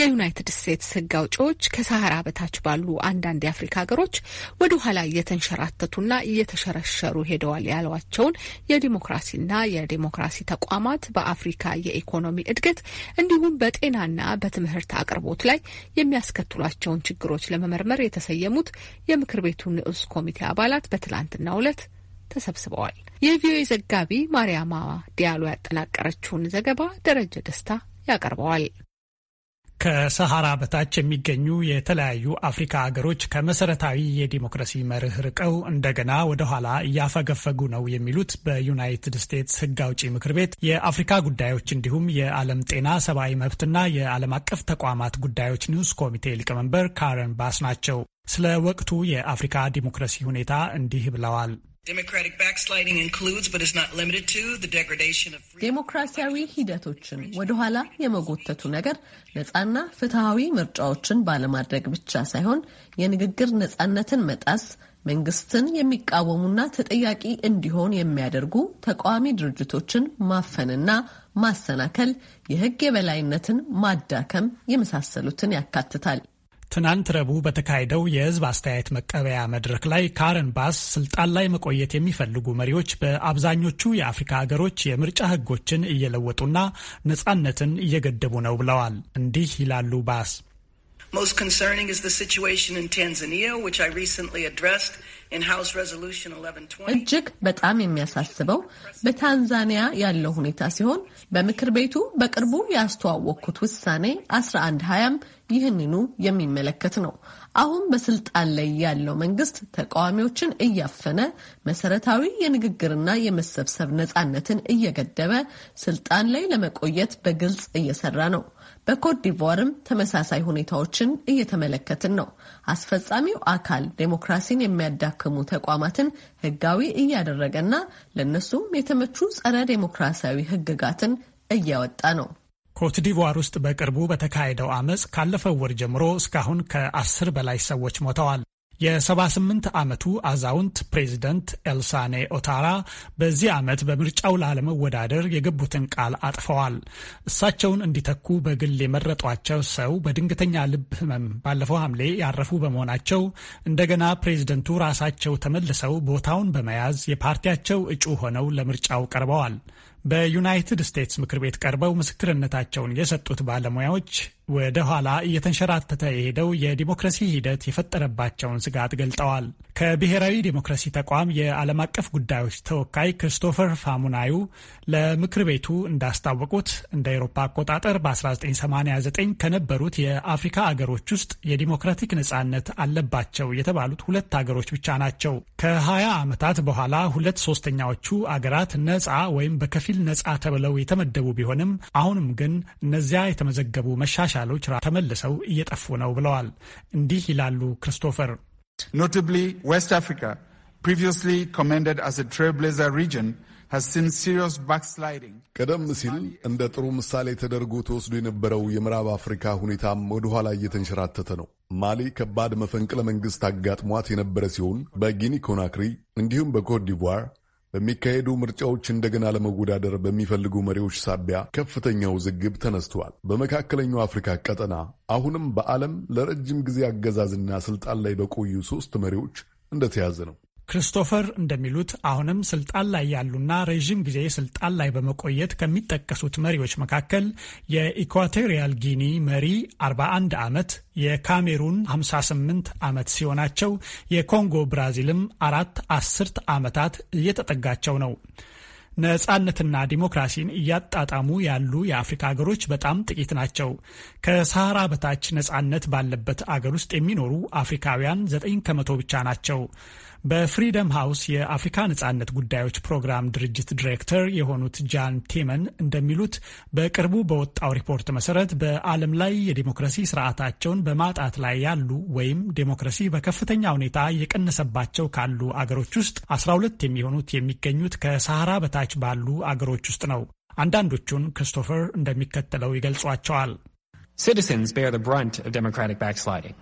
የዩናይትድ ስቴትስ ሕግ አውጪዎች ከሰሐራ በታች ባሉ አንዳንድ የአፍሪካ ሀገሮች ወደ ኋላ እየተንሸራተቱና እየተሸረሸሩ ሄደዋል ያሏቸውን የዲሞክራሲና የዲሞክራሲ ተቋማት በአፍሪካ የኢኮኖሚ እድገት እንዲሁም በጤናና በትምህርት አቅርቦት ላይ የሚያስከትሏቸውን ችግሮች ለመመርመር የተሰየሙት የምክር ቤቱ ንዑስ ኮሚቴ አባላት በትላንትናው ዕለት ተሰብስበዋል። የቪኦኤ ዘጋቢ ማርያማ ዲያሎ ያጠናቀረችውን ዘገባ ደረጀ ደስታ ያቀርበዋል። ከሰሃራ በታች የሚገኙ የተለያዩ አፍሪካ ሀገሮች ከመሰረታዊ የዲሞክራሲ መርህ ርቀው እንደገና ወደ ኋላ እያፈገፈጉ ነው የሚሉት በዩናይትድ ስቴትስ ሕግ አውጪ ምክር ቤት የአፍሪካ ጉዳዮች እንዲሁም የዓለም ጤና፣ ሰብአዊ መብትና የዓለም አቀፍ ተቋማት ጉዳዮች ኒውስ ኮሚቴ ሊቀመንበር ካረን ባስ ናቸው። ስለ ወቅቱ የአፍሪካ ዲሞክራሲ ሁኔታ እንዲህ ብለዋል። ዴሞክራሲያዊ ሂደቶችን ወደኋላ የመጎተቱ ነገር ነጻና ፍትሐዊ ምርጫዎችን ባለማድረግ ብቻ ሳይሆን የንግግር ነጻነትን መጣስ መንግስትን የሚቃወሙና ተጠያቂ እንዲሆን የሚያደርጉ ተቃዋሚ ድርጅቶችን ማፈንና ማሰናከል፣ የህግ የበላይነትን ማዳከም የመሳሰሉትን ያካትታል። ትናንት ረቡዕ በተካሄደው የህዝብ አስተያየት መቀበያ መድረክ ላይ ካረን ባስ ስልጣን ላይ መቆየት የሚፈልጉ መሪዎች በአብዛኞቹ የአፍሪካ ሀገሮች የምርጫ ህጎችን እየለወጡና ነጻነትን እየገደቡ ነው ብለዋል። እንዲህ ይላሉ ባስ Most concerning is the situation in Tanzania, which I recently addressed እጅግ በጣም የሚያሳስበው በታንዛኒያ ያለው ሁኔታ ሲሆን በምክር ቤቱ በቅርቡ ያስተዋወቅኩት ውሳኔ 1120ም ይህንኑ የሚመለከት ነው። አሁን በስልጣን ላይ ያለው መንግስት ተቃዋሚዎችን እያፈነ መሰረታዊ የንግግርና የመሰብሰብ ነጻነትን እየገደበ ስልጣን ላይ ለመቆየት በግልጽ እየሰራ ነው። በኮት ተመሳሳይ ሁኔታዎችን እየተመለከትን ነው። አስፈጻሚው አካል ዴሞክራሲን የሚያዳ የሚያክሙ ተቋማትን ህጋዊ እያደረገና ለእነሱም የተመቹ ጸረ ዴሞክራሲያዊ ህግጋትን እያወጣ ነው። ኮትዲቯር ውስጥ በቅርቡ በተካሄደው አመፅ ካለፈው ወር ጀምሮ እስካሁን ከአስር በላይ ሰዎች ሞተዋል። የ78 ዓመቱ አዛውንት ፕሬዚደንት ኤልሳኔ ኦታራ በዚህ ዓመት በምርጫው ላለመወዳደር የገቡትን ቃል አጥፈዋል። እሳቸውን እንዲተኩ በግል የመረጧቸው ሰው በድንገተኛ ልብ ህመም ባለፈው ሐምሌ ያረፉ በመሆናቸው እንደገና ፕሬዚደንቱ ራሳቸው ተመልሰው ቦታውን በመያዝ የፓርቲያቸው እጩ ሆነው ለምርጫው ቀርበዋል። በዩናይትድ ስቴትስ ምክር ቤት ቀርበው ምስክርነታቸውን የሰጡት ባለሙያዎች ወደ ኋላ እየተንሸራተተ የሄደው የዲሞክራሲ ሂደት የፈጠረባቸውን ስጋት ገልጠዋል። ከብሔራዊ ዲሞክራሲ ተቋም የዓለም አቀፍ ጉዳዮች ተወካይ ክሪስቶፈር ፋሙናዩ ለምክር ቤቱ እንዳስታወቁት እንደ አውሮፓ አቆጣጠር በ1989 ከነበሩት የአፍሪካ አገሮች ውስጥ የዲሞክራቲክ ነጻነት አለባቸው የተባሉት ሁለት አገሮች ብቻ ናቸው። ከ20 ዓመታት በኋላ ሁለት ሶስተኛዎቹ አገራት ነጻ ወይም በከፊ በከፊል ነጻ ተብለው የተመደቡ ቢሆንም አሁንም ግን እነዚያ የተመዘገቡ መሻሻሎች ተመልሰው እየጠፉ ነው ብለዋል። እንዲህ ይላሉ ክርስቶፈር ኖታብሊ ዌስት አፍሪካ ፕሪቪየስሊ ኮሜንደድ አስ ትሬብሌዘር ሪጅን ቀደም ሲል እንደ ጥሩ ምሳሌ ተደርጎ ተወስዶ የነበረው የምዕራብ አፍሪካ ሁኔታም ወደ ኋላ እየተንሸራተተ ነው። ማሊ ከባድ መፈንቅለ መንግሥት አጋጥሟት የነበረ ሲሆን በጊኒ ኮናክሪ እንዲሁም ዲቯር በሚካሄዱ ምርጫዎች እንደገና ለመወዳደር በሚፈልጉ መሪዎች ሳቢያ ከፍተኛ ውዝግብ ተነስተዋል። በመካከለኛው አፍሪካ ቀጠና አሁንም በዓለም ለረጅም ጊዜ አገዛዝና ስልጣን ላይ በቆዩ ሶስት መሪዎች እንደተያዘ ነው። ክሪስቶፈር እንደሚሉት አሁንም ስልጣን ላይ ያሉና ረዥም ጊዜ ስልጣን ላይ በመቆየት ከሚጠቀሱት መሪዎች መካከል የኢኳቶሪያል ጊኒ መሪ 41 ዓመት፣ የካሜሩን 58 ዓመት ሲሆናቸው የኮንጎ ብራዚልም አራት አስርት ዓመታት እየተጠጋቸው ነው። ነጻነትና ዲሞክራሲን እያጣጣሙ ያሉ የአፍሪካ አገሮች በጣም ጥቂት ናቸው። ከሰሃራ በታች ነጻነት ባለበት አገር ውስጥ የሚኖሩ አፍሪካውያን ዘጠኝ ከመቶ ብቻ ናቸው። በፍሪደም ሃውስ የአፍሪካ ነጻነት ጉዳዮች ፕሮግራም ድርጅት ዲሬክተር የሆኑት ጃን ቴመን እንደሚሉት በቅርቡ በወጣው ሪፖርት መሰረት በዓለም ላይ የዴሞክራሲ ስርዓታቸውን በማጣት ላይ ያሉ ወይም ዴሞክራሲ በከፍተኛ ሁኔታ የቀነሰባቸው ካሉ አገሮች ውስጥ 12 የሚሆኑት የሚገኙት ከሰሃራ በታች Citizens bear the brunt of democratic backsliding.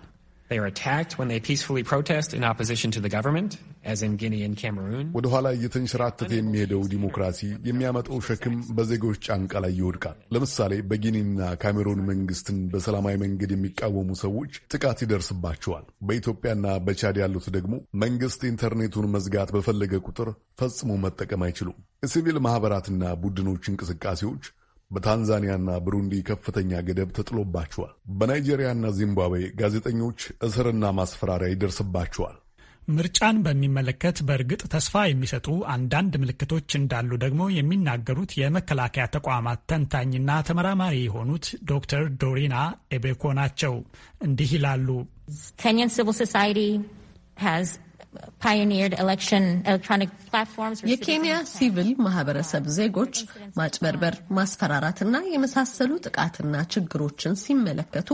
ወደ ኋላ እየተንሸራተተ የሚሄደው ዲሞክራሲ የሚያመጣው ሸክም በዜጎች ጫንቃ ላይ ይወድቃል። ለምሳሌ በጊኒና ካሜሩን መንግስትን በሰላማዊ መንገድ የሚቃወሙ ሰዎች ጥቃት ይደርስባቸዋል። በኢትዮጵያና በቻድ ያሉት ደግሞ መንግስት ኢንተርኔቱን መዝጋት በፈለገ ቁጥር ፈጽሞ መጠቀም አይችሉም። የሲቪል ማህበራትና ቡድኖች እንቅስቃሴዎች በታንዛኒያና ብሩንዲ ከፍተኛ ገደብ ተጥሎባቸዋል። በናይጄሪያና ዚምባብዌ ጋዜጠኞች እስርና ማስፈራሪያ ይደርስባቸዋል። ምርጫን በሚመለከት በእርግጥ ተስፋ የሚሰጡ አንዳንድ ምልክቶች እንዳሉ ደግሞ የሚናገሩት የመከላከያ ተቋማት ተንታኝና ተመራማሪ የሆኑት ዶክተር ዶሪና ኤቤኮ ናቸው። እንዲህ ይላሉ። ኬንያን ሲቪል ሶሳይቲ የኬንያ ሲቪል ማህበረሰብ ዜጎች ማጭበርበር፣ ማስፈራራትና የመሳሰሉ ጥቃትና ችግሮችን ሲመለከቱ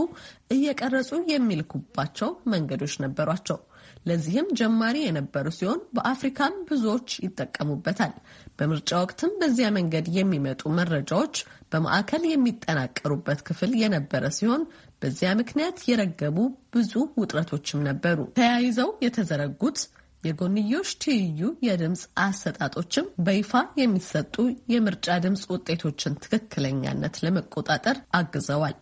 እየቀረጹ የሚልኩባቸው መንገዶች ነበሯቸው። ለዚህም ጀማሪ የነበሩ ሲሆን በአፍሪካም ብዙዎች ይጠቀሙበታል። በምርጫ ወቅትም በዚያ መንገድ የሚመጡ መረጃዎች በማዕከል የሚጠናቀሩበት ክፍል የነበረ ሲሆን በዚያ ምክንያት የረገቡ ብዙ ውጥረቶችም ነበሩ። ተያይዘው የተዘረጉት የጎንዮሽ ትይዩ የድምፅ አሰጣጦችም በይፋ የሚሰጡ የምርጫ ድምፅ ውጤቶችን ትክክለኛነት ለመቆጣጠር አግዘዋል።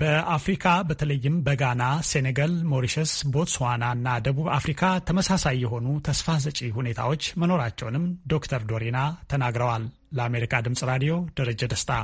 በአፍሪካ በተለይም በጋና፣ ሴኔጋል፣ ሞሪሸስ፣ ቦትስዋና እና ደቡብ አፍሪካ ተመሳሳይ የሆኑ ተስፋ ሰጪ ሁኔታዎች መኖራቸውንም ዶክተር ዶሪና ተናግረዋል። ለአሜሪካ ድምፅ ራዲዮ ደረጀ ደስታ